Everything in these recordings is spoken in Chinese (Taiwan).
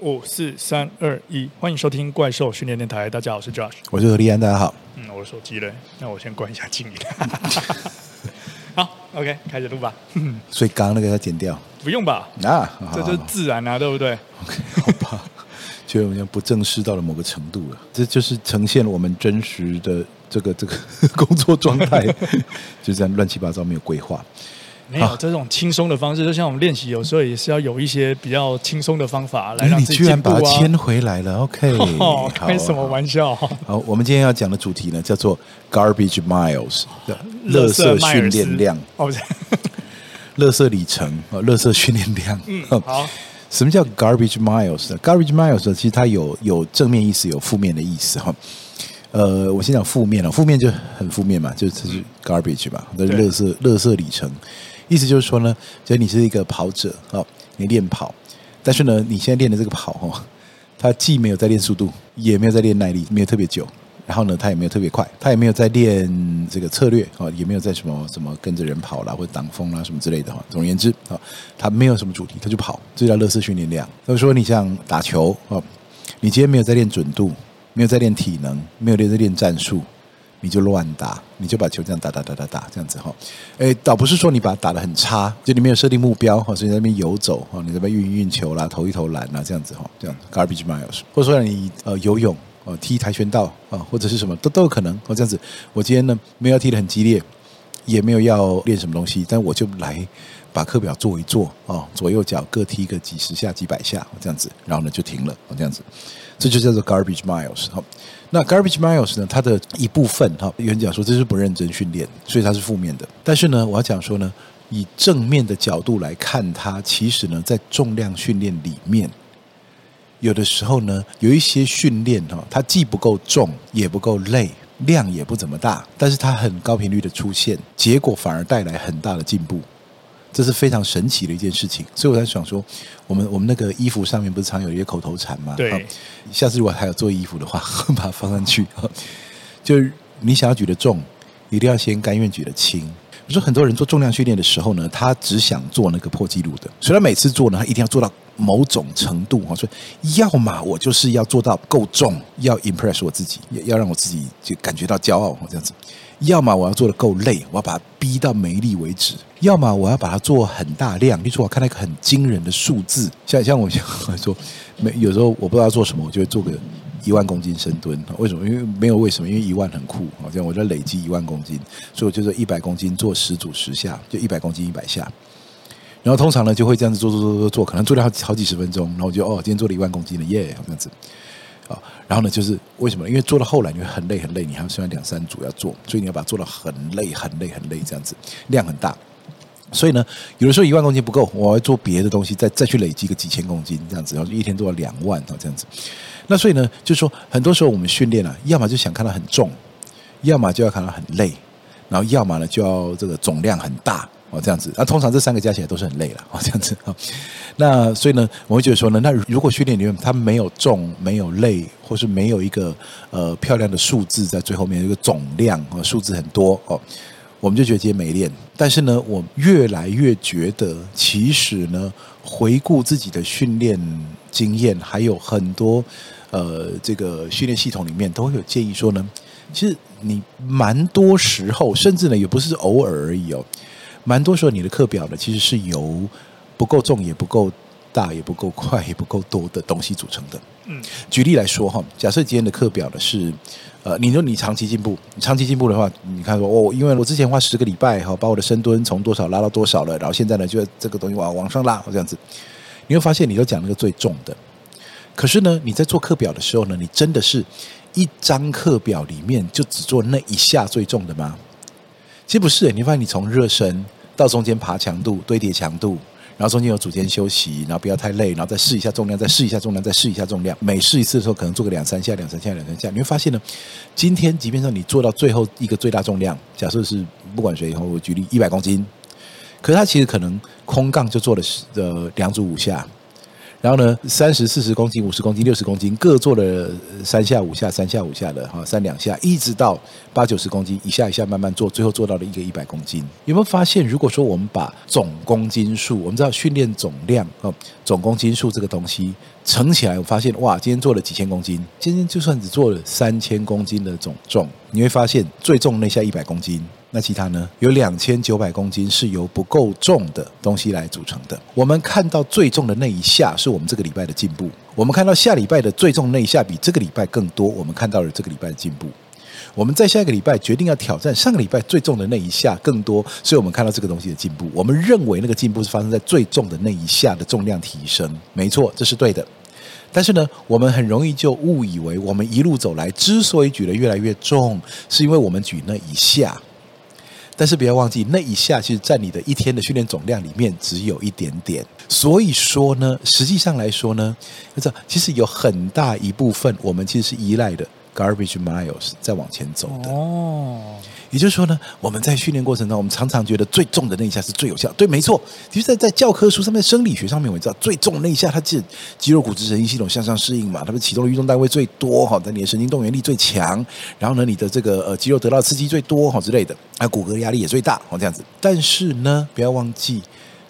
五四三二一，5, 4, 3, 2, 1，歡迎收聽《怪獸訓練電台》。大家好，我是 Josh，我是何立安，大家好。嗯，我的手機嘞？那我先關一下靜音。 好，OK，開始錄吧。 所以剛剛那個要剪掉？不用吧？那、啊、這就是自然啊，對不對？OK，好吧，就我們不正式到了某個程度了， 這就是呈現了我們真實的這個這個工作狀態， 就這樣亂七八糟，沒有規劃。沒有這種輕鬆的方式，就像我們練習，有時候也是要有一些比較輕鬆的方法來讓自己進步啊。你居然把它牽回來了，OK？開什麼玩笑？好，我們今天要講的主題呢，叫做 “Garbage Miles” 的“垃圾訓練量”。哦，垃圾里程，垃圾訓練量。嗯，好。什麼叫 “Garbage Miles”？“Garbage Miles” 其實它有有正面意思，有負面的意思哈。呃，我先講負面了，負面就很負面嘛，就是 “Garbage” 吧，就是“垃圾”，“垃圾里程”。意思就是說呢，就是你是一個跑者啊，你練跑，但是呢，你現在練的這個跑哈，它既沒有在練速度，也沒有在練耐力，沒有特別久，然後呢，它也沒有特別快，它也沒有在練這個策略啊，也沒有在什麼什麼跟着人跑了或者擋風啦什麼之類的哈。總而言之啊，它沒有什麼主題，它就跑，這叫垃圾訓練量。所以說你像打球啊，你今天沒有在練準度，沒有在練體能，沒有在練戰術。你就亂打，你就把球這樣打打打打打這樣子哈、哦，哎，倒不是說你把它打得很差，就你沒有設定目標哈，所以在那邊遊走哈，你在那邊運運球啦，投一投籃啦這樣子哈、哦，這樣 Garbage Miles，或者說你游泳踢跆拳道或者是什麼都都有可能，或這樣子，我今天呢沒有踢得很激烈，也沒有要練什麼東西，但我就來把課表做一做哦，左右腳各踢個幾十下幾百下，這樣子，然後呢就停了，我這樣子。這就叫做 garbage miles 好，那 garbage miles 呢？它的一部分哈，有人講說這是不認真訓練，所以它是負面的。但是呢，我要講說呢，以正面的角度來看，它其實呢，在重量訓練裡面，有的時候呢，有一些訓練哈，它既不夠重，也不夠累，量也不怎麼大，但是它很高頻率的出現，結果反而帶來很大的進步。這是非常神奇的一件事情，所以我在想說，我們我們那個衣服上面不是常常有一些口頭禪嗎？對，下次如果還有做衣服的話，把它放上去。就是你想要舉得重，一定要先甘願舉得輕。我說很多人做重量訓練的時候呢，他只想做那個破紀錄的，所以他每次做呢，他一定要做到某種程度。我說，要麼我就是要做到夠重，要 impress 我自己，要要讓我自己就感覺到驕傲，這樣子。要麼我要做得夠累，我要把它逼到沒力為止；要麼我要把它做很大量。比如說我看到一個很驚人的數字，像像我，像我說有時候我不知道要做什麼，我就會做個一萬公斤深蹲。為什麼？因為沒有為什麼，因為一萬很酷。好，像我在累積一萬公斤，所以我就說一百公斤做十組十下，就一百公斤一百下。然後通常呢，就會這樣子做做做做做，可能做了好好幾十分鐘，然後就哦，今天做了一萬公斤了，耶、yeah，這樣子。啊，然後呢，就是為什麼？因為做到後來你會很累很累，你還剩下兩三組要做，所以你要把它做到很累很累很累這樣子，量很大。所以呢，有的時候一萬公斤不夠，我要做別的東西，再再去累積個幾千公斤這樣子，然後一天做到兩萬這樣子。那所以呢，就是說很多時候我們訓練啊，要麼就想看到很重，要麼就要看到很累，然後要麼呢就要這個總量很大。哦，這樣子，那、啊、通常這三個加起來都是很累了。哦，這樣子啊，那所以呢，我會覺得說呢，那如果訓練裡面它沒有重、沒有累，或是沒有一個呃漂亮的數字在最後面一個總量，哦，數字很多哦，我們就覺得今天沒練。但是呢，我越來越覺得，其實呢，回顧自己的訓練經驗，還有很多呃，這個訓練系統裡面都會有建議說呢，其實你蠻多時候，甚至呢，也不是偶爾而已哦。蠻多時候，你的課表呢，其實是由不夠重、也不夠大、也不夠快、也不夠多的東西組成的。舉例來說哈，假設今天的課表呢是，呃，你說你長期進步，你長期進步的話，你看說哦，因為我之前花十個禮拜哈，把我的深蹲從多少拉到多少了，然後現在呢，就這個東西往往上拉這樣子，你會發現你都講那個最重的，可是呢，你在做課表的時候呢，你真的是一張課表裡面就只做那一下最重的嗎？其實不是，你發現你從熱身。到中間爬強度、堆疊強度，然後中間有組間休息，然後不要太累，然後再試一下重量，再試一下重量，再試一下重量。每試一次的時候，可能做個兩三下、兩三下、兩三下。你會發現呢，今天即便說你做到最後一個最大重量，假設是不管誰，以後我舉例一百公斤，可是他其實可能空槓就做了呃兩組五下。然後呢，三十、四十公斤、五十公斤、六十公斤，各做了三下五下、三下五下的哈，三兩下，一直到八九十公斤，一下一下慢慢做，最後做到了一個一百公斤。有沒有發現，如果說我們把總公斤數，我們知道訓練總量啊、哦，總公斤數這個東西乘起來，我發現哇，今天做了幾千公斤，今天就算只做了三千公斤的總重，你會發現最重那下一百公斤。那其他呢？有兩千九百公斤是由不夠重的東西來組成的。我們看到最重的那一下是我們這個禮拜的進步。我們看到下禮拜的最重的那一下比這個禮拜更多，我們看到了這個禮拜的進步。我們在下一個禮拜決定要挑戰上個禮拜最重的那一下更多，所以我們看到這個東西的進步。我們認為那個進步是發生在最重的那一下的重量提升。沒錯，這是對的。但是呢，我們很容易就誤以為我們一路走來之所以舉得越來越重，是因為我們舉那一下。但是不要忘記，那一下其實，在你的一天的訓練總量裡面，只有一點點。所以說呢，實際上來說呢，這其實有很大一部分，我們其實是依賴的 garbage miles 在往前走的。哦。也就是說呢，我們在訓練過程中，我們常常覺得最重的那一下是最有效。對，沒錯。其實，在在教科書上面、生理學上面，我們知道最重那一下，它其實肌肉、骨質、神經系統向上適應嘛，它的啟動的運動單位最多哈，你的神經動員力最強，然後呢，你的這個呃肌肉得到刺激最多之類的、啊，骨骼壓力也最大哦這樣子。但是呢，不要忘記，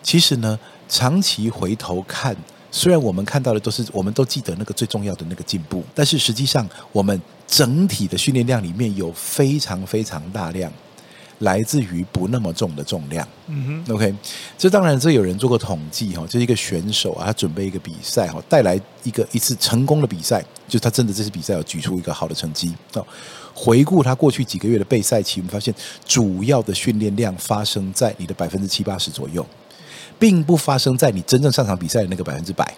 其實呢，長期回頭看。雖然我們看到的都是，我們都記得那個最重要的那個進步，但是實際上，我們整體的訓練量裡面有非常非常大量來自於不那麼重的重量。嗯哼，OK，這當然這有人做過統計哈，就是一個選手啊，他準備一個比賽哈、啊，帶來一個一次成功的比賽，就他真的這次比賽有舉出一個好的成績哦，回顧他過去幾個月的備賽期，我們發現主要的訓練量發生在你的百分之七八十左右。並不發生在你真正上場比賽的那個百分之百，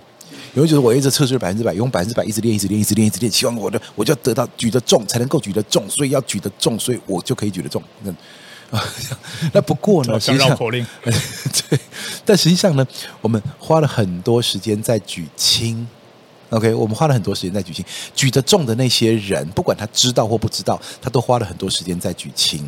有的就是我一直測試了，百分之百，用百分之百一直練，一直練，一直練，一直練，直練，希望我的，我就要得到舉得重才能夠舉得重，所以要舉得重，所以我就可以舉得重。那那不過呢，我想繞口令。實際上，對，但實際上呢，我們花了很多時間在舉輕。OK，我們花了很多時間在舉輕，舉得重的那些人，不管他知道或不知道，他都花了很多時間在舉輕，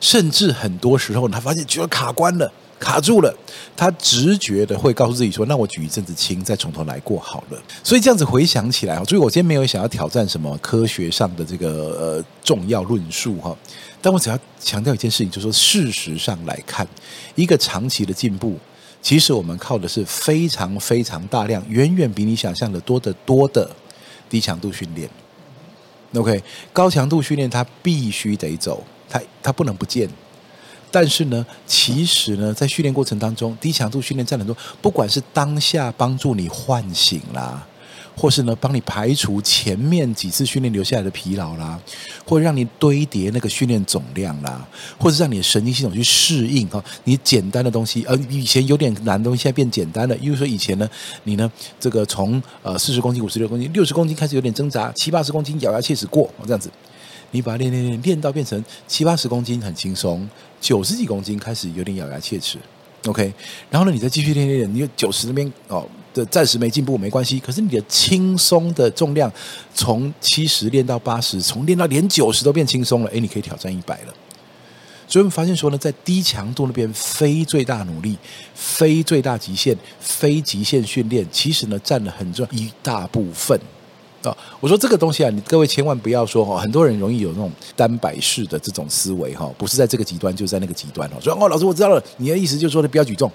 甚至很多時候他發現舉了卡關了。卡住了，他直覺的會告訴自己說：“那我舉一陣子輕，再從頭來過好了。”所以這樣子回想起來，所以我今天沒有想要挑戰什麼科學上的這個，呃，重要論述哈。但我只要強調一件事情，就是說事實上來看，一個長期的進步，其實我們靠的是非常非常大量，遠遠比你想象的多得多的低強度訓練。OK，高強度訓練它必須得走，它它不能不見。但是呢，其實呢，在訓練過程當中，低強度訓練佔很多，不管是當下幫助你喚醒啦，或是呢，幫你排除前面幾次訓練留下來的疲勞啦，或是讓你堆疊那個訓練總量啦，或者讓你的神經系統去適應啊，你簡單的東西，呃，以前有點難的東西，現在變簡單了。比如說以前呢，你呢，這個從呃四十公斤、五十六公斤、六十公斤開始有點掙扎，七八十公斤咬牙切齒過這樣子，你把它練練練練到變成七八十公斤很輕鬆。九十幾公斤開始有點咬牙切齒，OK，然後呢，你再繼續練練練，你就九十那邊哦，的暫時沒進步沒關係，可是你的輕鬆的重量從七十練到八十，從練到連九十都變輕鬆了，哎，你可以挑戰一百了。所以我們發現說呢，在低強度那邊，非最大努力、非最大極限、非極限訓練，其實呢占了很重要一大部分。啊、哦，我說這個東西啊，你各位千萬不要說哈、哦，很多人容易有那種單擺式的這種思維哈、哦，不是在這個極端，就是在那個極端哦。說哦，老師我知道了，你的意思就是說呢，不要舉重。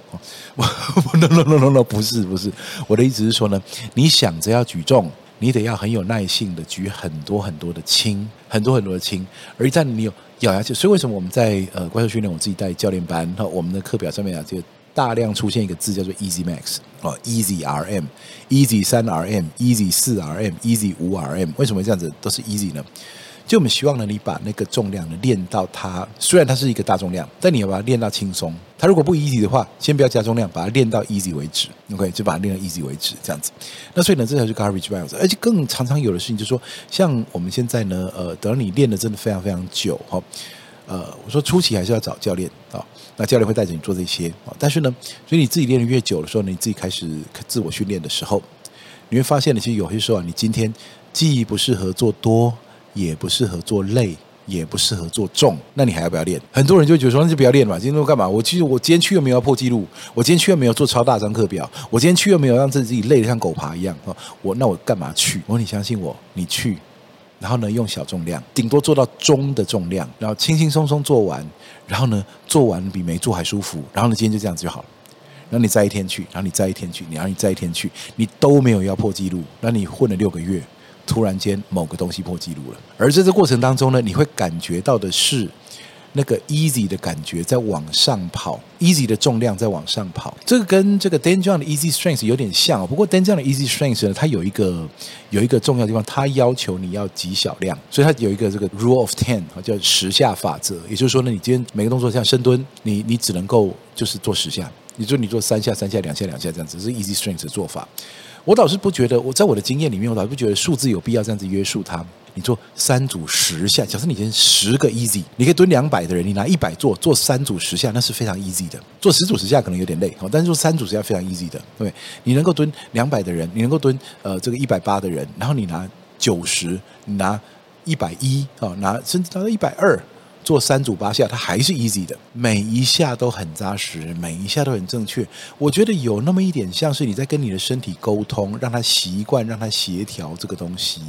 不不不不不不， no, no, no, no, no, 不是不是，我的意思是說呢，你想着要舉重，你得要很有耐性的舉很多很多的輕，很多很多的輕，而一旦你有咬牙去。所以為什麼我們在呃怪獸訓練，我自己帶教練班，哈、哦，我們的課表上面啊這些大量出現一個字叫做 easy max、oh, easy rm easy 三 rm easy 四 rm easy 五 rm 為什麼這樣子都是 easy 呢？就我們希望呢，你把那個重量呢練到它，雖然它是一個大重量，但你要把它練到輕鬆。它如果不 Easy 的話，先不要加重量，把它練到 easy 為止。OK，就把它練到 easy 為止這樣子。那所以呢，這才是 garbage balance，而且更常常有的事情就是說，像我們現在呢，呃，等到你練的真的非常非常久哈、哦，呃，我說初期還是要找教練啊。哦。那教練會帶着你做這些，但是呢，所以你自己練得越久的時候，你自己開始自我訓練的時候，你會發現你其實有些時候啊，你今天既不適合做多，也不適合做累，也不適合做重，那你還要不要練？很多人就覺得說那就不要練嘛，今天都幹嘛？我其實我今天去又沒有要破紀錄，我今天去又沒有做超大張課表，我今天去又沒有讓自己累得像狗爬一樣，我那我幹嘛去？我說你相信我，你去。然後呢，用小重量，頂多做到中的重量，然後輕輕鬆鬆做完，然後呢，做完比沒做還舒服，然後呢，今天就這樣子就好了。然後你再一天去，然後你再一天去，然後你再一天去，你都沒有要破紀錄，那你混了六個月，突然間某個東西破紀錄了，而在這過程當中呢，你會感覺到的是。那個 easy 的感覺在往上跑，easy 的重量在往上跑。這個跟這個 Dan John 的 easy strength 有點像哦，不過 Dan John 的 easy strength 呢，它有一個有一個重要地方，它要求你要極小量，所以它有一個這個 rule of ten，叫十下法則。也就是說呢，你今天每個動作像深蹲，你你只能夠就是做十下，也就是你做三下、三下、兩下、兩下這樣子，是 easy strength 的做法。我倒是不覺得，我在我的經驗裡面，我倒是不覺得數字有必要這樣子約束它。你做三組十下，假設你今天十個 easy，你可以蹲兩百的人，你拿一百做，做三組十下，那是非常 easy 的。做十組十下可能有點累，好，但是做三組十下非常 easy 的，對，對。你能夠蹲兩百的人，你能夠蹲呃這個一百八的人，然後你拿九十，你拿一百一，哦，拿甚至拿到一百二。做三組八下，它還是 easy 的，每一下都很扎實，每一下都很正確。我覺得有那麼一點像是你在跟你的身體溝通，讓它習慣，讓它協調這個東西，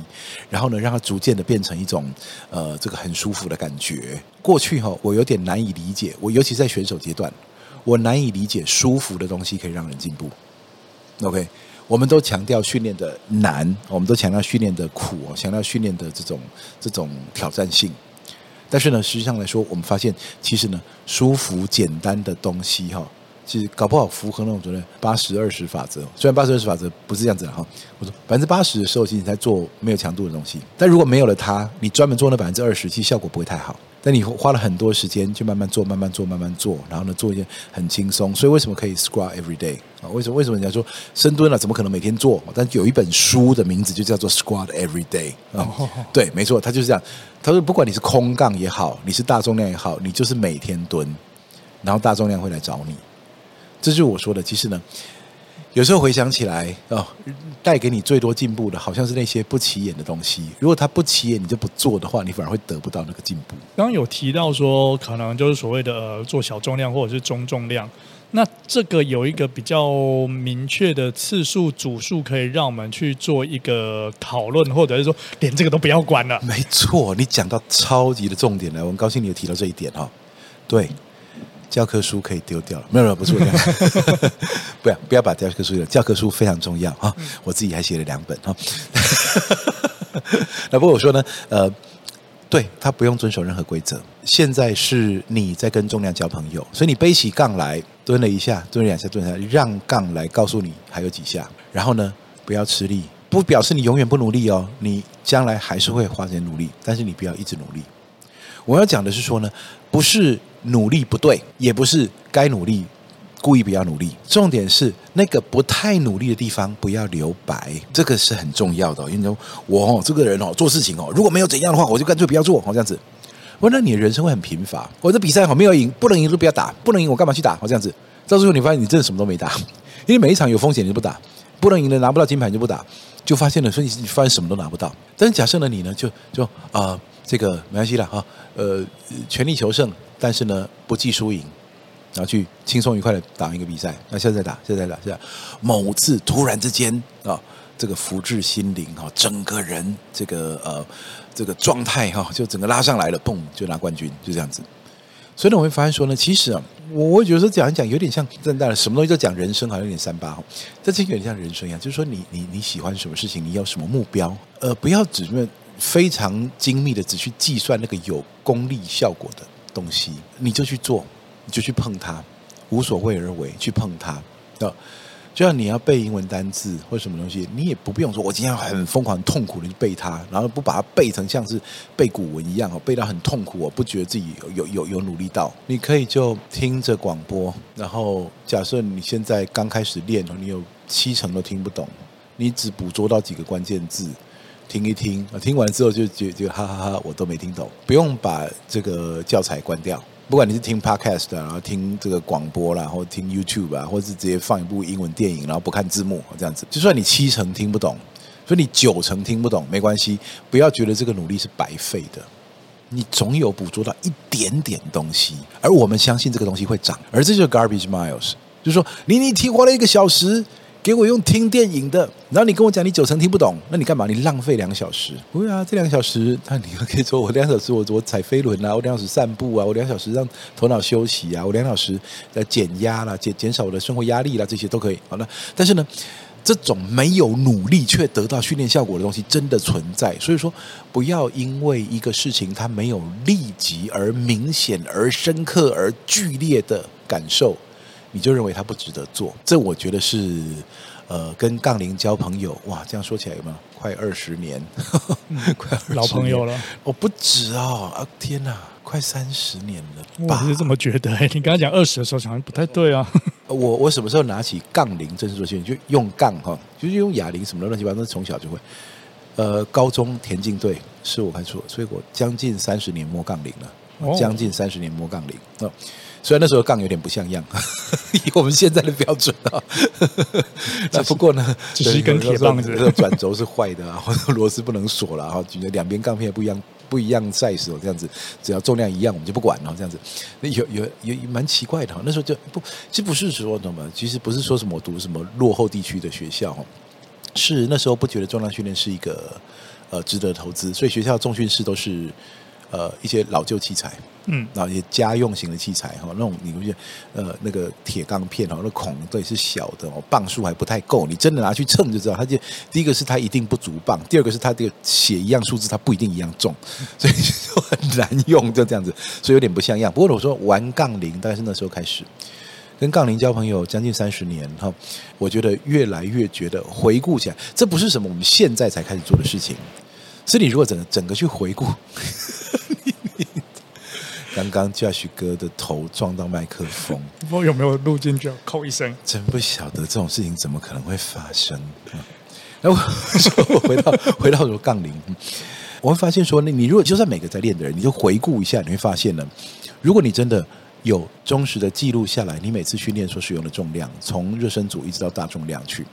然後呢，讓它逐漸的變成一種呃這個很舒服的感覺。過去哈、哦，我有點難以理解，我尤其在選手階段，我難以理解舒服的東西可以讓人進步。OK，我們都強調訓練的難，我們都強調訓練的苦，強調訓練的這種這種挑戰性。但是呢，實際上來說，我們發現其實呢，舒服簡單的東西哈、哦。其實搞不好符合那種覺得八十二十法則，雖然八十二十法則不是這樣子的哈。我說百分之八十的時候，其實你在做沒有強度的東西，但如果沒有了它，你專門做那百分之二十，其實效果不會太好。但你花了很多時間去慢慢做，慢慢做，慢慢做，然後呢，做一些很輕鬆。所以為什麼可以 Squat every day 啊？為什麼為什麼人家說深蹲了、啊、怎麼可能每天做？但有一本書的名字就叫做 Squat every day 啊。對，沒錯，他就是這樣。他說不管你是空槓也好，你是大重量也好，你就是每天蹲，然後大重量會來找你。這就是我說的。其實呢，有時候回想起來啊、哦，帶給你最多進步的好像是那些不起眼的東西。如果它不起眼，你就不做的話，你反而會得不到那個進步。剛剛有提到說，可能就是所謂的、呃、做小重量或者是中重量。那這個有一個比較明確的次數、組數，可以讓我們去做一個討論，或者是說連這個都不要管了。沒錯，你講到超級的重點了，我很高興你有提到這一點哈、哦。對。教科書可以丟掉了，沒有，沒有，不是這樣 不要不要把教科書丟掉，教科書非常重要哈，我自己還寫了兩本哈。 那不過我說呢，呃，對他不用遵守任何規則。現在是你在跟重量交朋友，所以你背起槓來蹲了一下，蹲了兩下，蹲了兩下，讓槓來告訴你還有幾下。然後呢，不要吃力，不表示你永遠不努力哦，你將來還是會花錢努力，但是你不要一直努力。我要講的是說呢，不是。努力不對，也不是該努力，故意不要努力。重點是那個不太努力的地方不要留白，這個是很重要的。因為，我哦，這個人哦，做事情哦，如果沒有怎樣的話，我就乾脆不要做哦，這樣子。我那你的人生會很貧乏。我這比賽好，沒有贏，不能贏就不要打，不能贏我幹嘛去打？我這樣子，到時候你發現你真的什麼都沒打，因為每一場有風險，你就不打，不能贏的拿不到金牌你就不打，就發現了所以你發現什麼都拿不到。但是假設你呢，你呢就就啊、呃，這個沒關係了哈，呃，全力求勝。但是呢，不計輸贏，然後去輕鬆愉快的打一個比賽。那、啊、現在再打，現在再打，現在，打現在某次突然之間啊、哦，這個福至心靈哈、哦，整個人這個呃這個狀態哈、哦，就整個拉上來了，嘣就拿冠軍，就這樣子。所以呢，我會發現說呢，其實啊，我會覺得講一講有點像真的，什麼東西都講人生，好像有點三八這個、哦、有點像人生一樣，就是說你你你喜歡什麼事情，你要什麼目標，呃，不要只問非常精密的，只去計算那個有功利效果的。東西你就去做，你就去碰它，無所謂而為去碰它。就像你要背英文單字或什麼東西，你也不必用說，我今天很瘋狂、很痛苦的背它，然後不把它背成像是背古文一樣，背到很痛苦，我不覺得自己有有有，有努力到。你可以就聽着廣播，然後假設你現在剛開始練，你有七成都聽不懂，你只捕捉到幾個關鍵字。聽一聽，聽完之後，就覺得就就哈哈哈哈，我都沒聽懂。不用把這個教材關掉，不管你是聽 Podcast 啊，然後聽這個廣播啦啊，或聽 YouTube 啊，或是直接放一部英文電影，然後不看字幕這樣子。就算你七成聽不懂，所以你九成聽不懂沒關係，不要覺得這個努力是白費的。你總有捕捉到一點點東西，而我們相信這個東西會漲，而這就是 Garbage Miles，就是說你你聽過了一個小時。給我用聽電影的，然後你跟我講你九成聽不懂，那你幹嘛？你浪費兩個小時？不會啊，這兩個小時，那你可以說我兩小時我我踩飛輪啊，我兩小時散步啊，我兩小時讓頭腦休息啊，我兩小時來減壓啦，啊，減減少我的生活壓力啦、啊，這些都可以。好了，但是呢，這種沒有努力卻得到訓練效果的東西真的存在，所以說不要因為一個事情它沒有立即而明顯而深刻而劇烈的感受。你就認為他不值得做。這我覺得是，呃，跟槓鈴交朋友哇，這樣說起來有沒有？快二十年 ，快二十年老朋友了，我、哦、不止哦啊，天哪，快三十年了吧？我是這麼覺得。哎，你剛才講二十的時候好像不太對啊。我我什麼時候拿起槓鈴正式做訓練？就用槓哈，就是用啞鈴什麼亂七八糟，從小就會。呃，高中田徑隊是我開始，所以我將近三十年摸槓鈴了，將近三十年摸槓鈴哦。嗯雖然那時候槓有點不像樣，以我們現在的標準啊， 就是、 不過呢，只、就是一根對鐵棒子， 這個轉軸是壞的啊，螺絲不能鎖了啊，覺得兩邊槓片不一樣，不一樣 size 這樣子，只要重量一樣我們就不管了，這樣子，有有有蠻奇怪的啊，那時候就不其實不是說的嘛，其實不是說什麼讀什麼落後地區的學校，是那時候不覺得重量訓練是一個呃值得投資，所以學校的重訓室都是呃一些老舊器材。嗯，然後也家用型的器材哈，那種你不是呃那個鐵槓片哈，那孔對是小的哦，磅數還不太夠，你真的拿去秤就知道，它就第一個是它一定不足磅，第二個是它的寫一樣數字它不一定一樣重，所以就很難用就這樣子，所以有點不像樣。不過我說玩槓鈴大概是那時候開始，跟槓鈴交朋友將近三十年哈，我覺得越來越覺得回顧起來，這不是什麼我們現在才開始做的事情，所以你如果整個整個去回顧。 剛剛 Josh 哥的頭撞到麥克風，我有沒有錄進去？扣一聲。真不曉得這種事情怎麼可能會發生。嗯、然後我我回到 回到說槓鈴，我會發現說你，你如果就算每個在練的人，你就回顧一下，你會發現呢，如果你真的有忠實的記錄下來，你每次訓練所使用的重量，從熱身組一直到大重量去。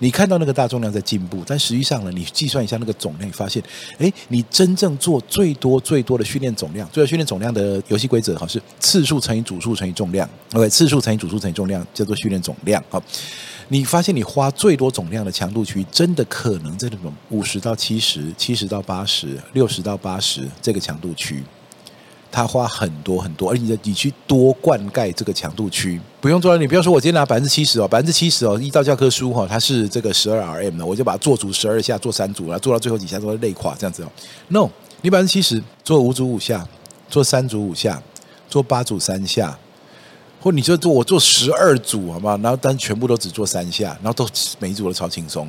你看到那個大重量在進步，但實際上呢，你計算一下那個總量，你發現，誒，你真正做最多最多的訓練總量，最後訓練總量的遊戲規則是次數乘以組數乘以重量，OK，次數乘以組數乘以重量叫做訓練總量，好，你發現你花最多總量的強度區，真的可能在那種五十到七十、七十到八十、六十到八十這個強度區。他花很多很多，而且你你去多灌溉這個強度區，不用做了。你不要說我今天拿百分之七十哦，百分之七十哦，依照教科書哈、哦，它是這個十二 RM 的，我就把它做足十二下，做三組，然後做到最後幾下都會累垮這樣子哦。No，你百分之七十做五組五下，做三組五下，做八組三下，或你就做我做十二組，好嗎？然後但全部都只做三下，然後都每一組都超輕鬆。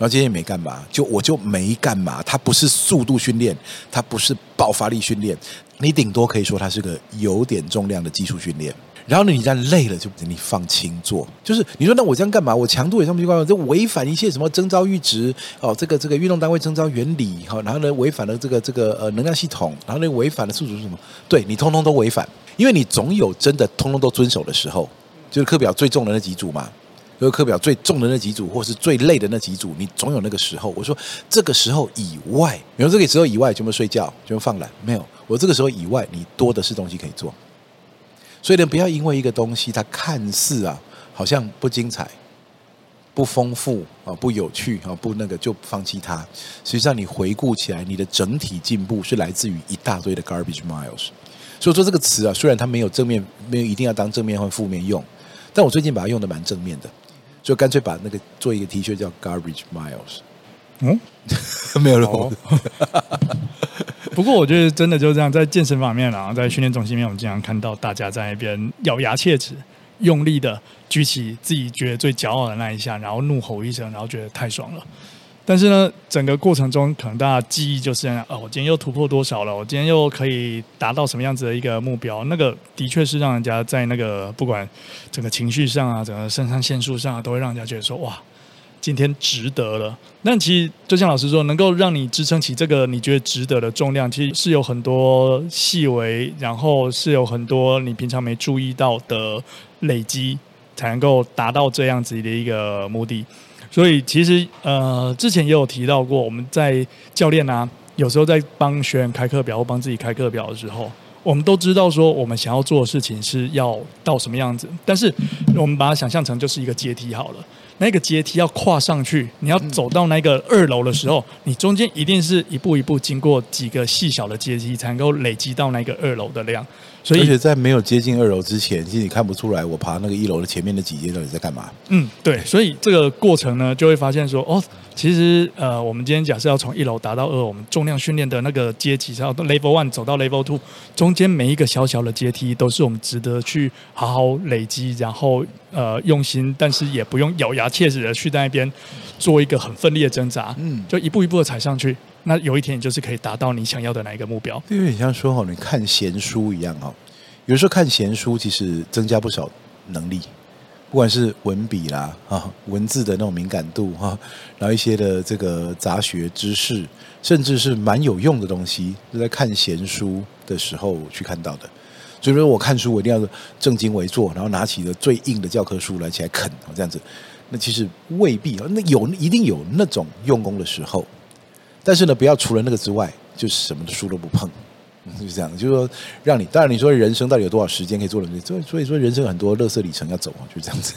然後今天也沒幹嘛，就我就沒幹嘛。它不是速度訓練，它不是爆發力訓練，你頂多可以說它是個有點重量的技術訓練。然後呢，你這樣累了就給你放輕做，就是你說，那我這樣幹嘛？我強度也上不去，就這違反一些什麼徵召閾值哦？這個這個運動單位徵召原理哈、哦？然後呢，違反了這個這個呃能量系統，然後呢，違反的數組是什麼？對，你通通都違反，因為你總有真的通通都遵守的時候，就是課表最重的那幾組嘛。所有課表最重的那幾組，或是最累的那幾組，你總有那個時候。我說，這個時候以外，比如這個時候以外，全部睡覺、全部放懶，沒有。我這個時候以外，你多的是東西可以做。所以呢，不要因為一個東西它看似啊，好像不精彩、不豐富啊、不有趣啊、不那個，就放棄它。實際上，你回顧起來，你的整體進步是來自於一大堆的 garbage miles。所以說，這個詞啊，雖然它沒有正面，沒有一定要當正面或負面用，但我最近把它用的蠻正面的。就乾脆把那個做一個 T 恤，叫 Garbage Miles。嗯、哦，沒有了。好哦、 不過我覺得真的就是這樣，在健身方面，然後在訓練中心裡面，我們經常看到大家在那邊咬牙切齒，用力的舉起自己覺得最驕傲的那一下，然後怒吼一聲，然後覺得太爽了。但是呢，整個過程中可能大家記憶就是啊哦，我今天又突破多少了？我今天又可以達到什麼樣子的一個目標？那個的確是讓人家在那個不管整個情緒上啊，整個腎上腺素上啊，都會讓人家覺得說：哇，今天值得了。那其實就像老師說，能夠讓你支撐起這個你覺得值得的重量，其實是有很多細微，然後是有很多你平常沒注意到的累積，才能夠達到這樣子的一個目的。所以其實，呃，之前也有提到過，我們在教練啊，有時候在幫學員開課表或幫自己開課表的時候，我們都知道說我們想要做的事情是要到什麼樣子，但是我們把它想象成就是一個階梯好了。那個階梯要跨上去，你要走到那個二樓的時候，你中間一定是一步一步經過幾個細小的階梯，才能夠累積到那個二樓的量。所以而且在沒有接近二樓之前，其實你看不出來我爬那個一樓的前面的幾階到底在幹嘛。嗯，對，所以這個過程呢，就會發現說，哦，其實呃，我們今天假設要從一樓達到二，我們重量訓練的那個階梯，然後 level one 走到 level two，中間每一個小小的階梯都是我們值得去好好累積，然後呃用心，但是也不用咬牙切齒的去在那邊做一個很奮力的掙扎。嗯，就一步一步的踩上去。那有一天，你就是可以達到你想要的哪一個目標。因為你像說哈，你看閒書一樣啊，有時候看閒書其實增加不少能力，不管是文筆啦啊，文字的那種敏感度哈，然後一些的這個雜學知識，甚至是蠻有用的東西，就在看閒書的時候去看到的。所以說，我看書我一定要正襟危坐，然後拿起的最硬的教科書來起來啃啊，這樣子。那其實未必，那有，一定有那種用功的時候。但是呢，不要除了那個之外，就是什麼書都，都不碰，就這樣。就說讓你，當然你說人生到底有多少時間可以做的，所以，所以說人生有很多垃圾里程要走啊，就這樣子。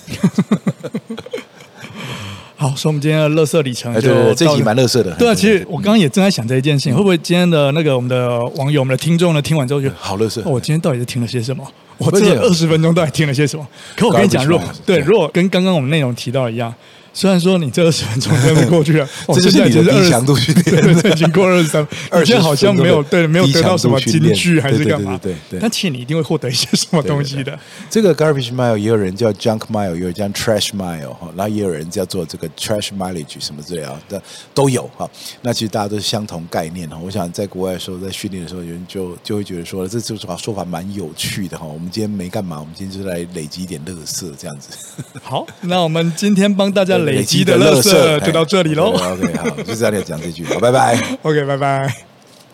好，說我們今天的垃圾里程就是，對對對，這一集蠻垃圾的。對啊，其實我剛剛也正在想這一件事情，會不會今天的那個我們的網友、我們的聽眾呢，聽完之後就好垃圾，哦？我今天到底是聽了些什麼？我這二十分鐘到底聽了些什麼？可我跟你講，如果對，如果跟剛剛我們內容提到一樣。雖然說你這二十分鐘還沒過去啊，這就是低強度訓練，對，經過二三，二，其實好像沒有，對，沒有得到什麼金句還是幹嘛？對，但那請你一定會獲得一些什麼東西的。這個 garbage mile 也有人叫 junk mile，有叫 trash mile 哈，然後也有人叫做這個 trash mileage 什麼之類的都有哈。那其實大家都是相同概念哈。我想在國外的時候，在訓練的時候，有人就就會覺得說，這這說法說法蠻有趣的哈。我們今天沒幹嘛，我們今天就來累積一點垃圾這樣子。好，那我們今天幫大家。累積的垃圾就到這裡嘍。OK，好，就這樣講這句。好，拜拜。 OK，拜拜。